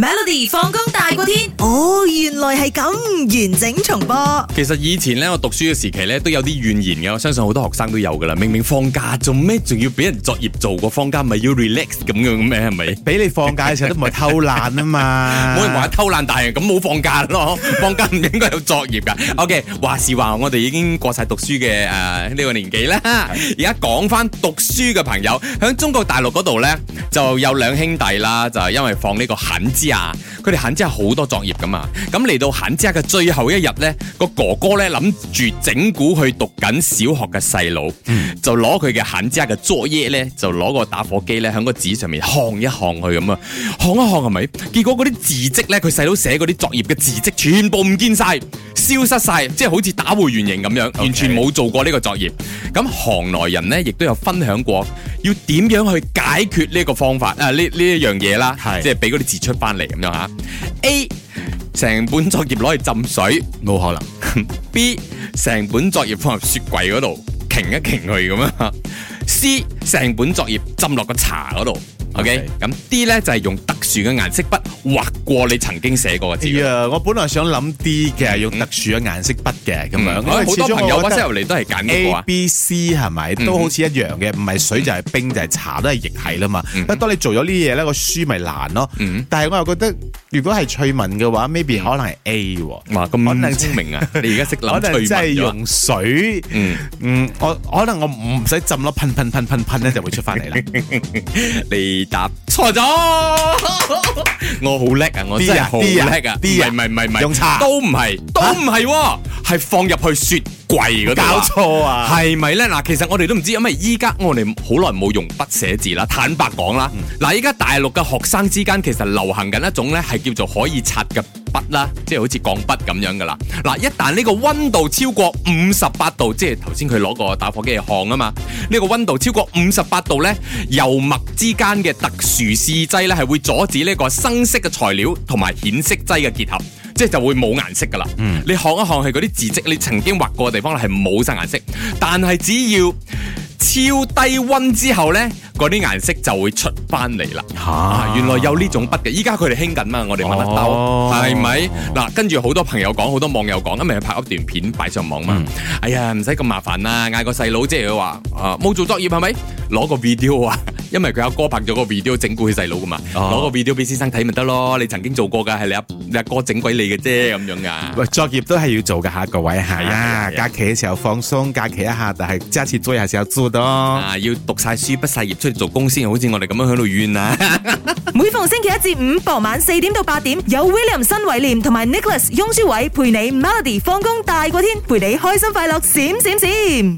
Melody 放工大過天，哦，原來係咁完整重播。其實以前咧，我讀書嘅時期咧，都有啲怨言嘅。我相信好多學生都有噶啦。明明放假做咩，仲要俾人作業做過？個放假咪要 relax 咁樣咩？係咪？俾你放假嘅時候都唔係偷懶啊嘛。冇 人話偷懶，大人咁冇放假咯。放假唔應該有作業噶。OK，話時話，我哋已經過晒讀書嘅誒呢個年紀啦。而家講返讀書嘅朋友，喺中國大陸嗰度咧就有兩兄弟啦，就係因為放呢個肯字。呀！佢哋肯之啊好多作業㗎嘛，咁嚟到肯之嘅最後一日呢，個哥哥呢諗住整蠱去讀緊小學嘅細佬，嗯、就攞佢嘅肯之嘅作業呢，就攞個打火機呢，響個紙上面烘一烘佢。咁啊，烘一烘係咪？結果嗰啲字迹呢，佢細佬寫嗰啲作業嘅字迹全部唔見晒，消失晒，即係好似打回原形咁樣，Okay. 完全冇做過呢個作業。咁行內人呢，亦都有分享過。要點樣去解決呢個方法啊？呢呢一樣嘢啦，是即係俾嗰啲字出翻嚟咁樣吓。是 A，成本作業攞去浸水，冇可能。 B，成本作業放入雪櫃嗰度，擎一擎去咁樣。 C，成本作業浸落個茶嗰度。OK，咁啲咧就係、是、用特殊嘅顏色筆畫過你曾經寫過嘅字啊！Yeah, 我本來想諗啲嘅，用特殊嘅顏色筆嘅咁、mm hmm. 樣，mm hmm. 因為好多朋友即係嚟都係揀 A B C 係咪？都好似一樣嘅，唔係水就係冰就係茶都係液體啦嘛。咁、mm hmm. 當你做咗呢啲嘢咧，個書咪難咯。Mm hmm. 但係我又覺得。如果係趣聞嘅話，maybe 可能係 A，哇咁聰明啊！ 你而家識諗趣聞即係用水，嗯嗯，嗯我可能我唔使浸咯，噴噴噴噴噴咧就會出翻嚟啦。 你答錯錯咗， 我好叻啊！我真係好叻啊！啲人唔係唔係唔係，啊啊、用茶都唔係，哈都唔係、哦。係放入去雪櫃嗰度啊！係咪呢？嗱，其實我哋都唔知，因為依家我哋好耐冇用筆寫字啦。坦白講啦，嗱，嗯，依家大陸嘅學生之間其實流行緊一種呢，係叫做可以擦嘅筆啦，即係好似鋼筆咁樣噶啦。嗱，一旦呢個溫度超過五十八度，即係頭先佢攞個打火機嚟烘啊嘛，呢個溫度超過五十八度呢，油墨之間嘅特殊試劑呢，係會阻止呢個生色嘅材料同埋顯色劑嘅結合。即係就會冇顏色噶啦，嗯、你看一看係嗰啲字跡，你曾經畫過嘅地方係冇晒顏色，但係只要超低溫之後咧，嗰啲顏色就會出翻嚟啦。吓、啊啊，原來有呢種筆嘅，依家佢哋興緊嘛，我哋問得到係咪？嗱、哦，跟住好多朋友講，好多網友講，咁咪拍一段片擺上網嘛。嗯、哎呀，唔使咁麻煩啦，嗌個細佬，即係佢話，啊冇做作業係咪？攞個 video 啊！因為佢阿哥，哥拍咗個 video 整蠱佢細佬噶嘛，攞、哦、個 video 俾先生睇咪得咯，你曾經做過噶，係你阿阿哥整鬼你嘅啫，咁樣噶。喂，作業都係要做噶吓，各位係是啊，假期嘅時候放鬆，假期一下，但係一次作業時候做多。啊，要讀晒書畢晒業，出嚟做工先，好似我哋咁樣喺度怨啊。 每逢星期一至五傍晚四點到八點，有 William 新偉廉同埋 Nicholas 翁舒偉陪你 Melody 放工大過天，陪你開心快樂閃，閃閃閃。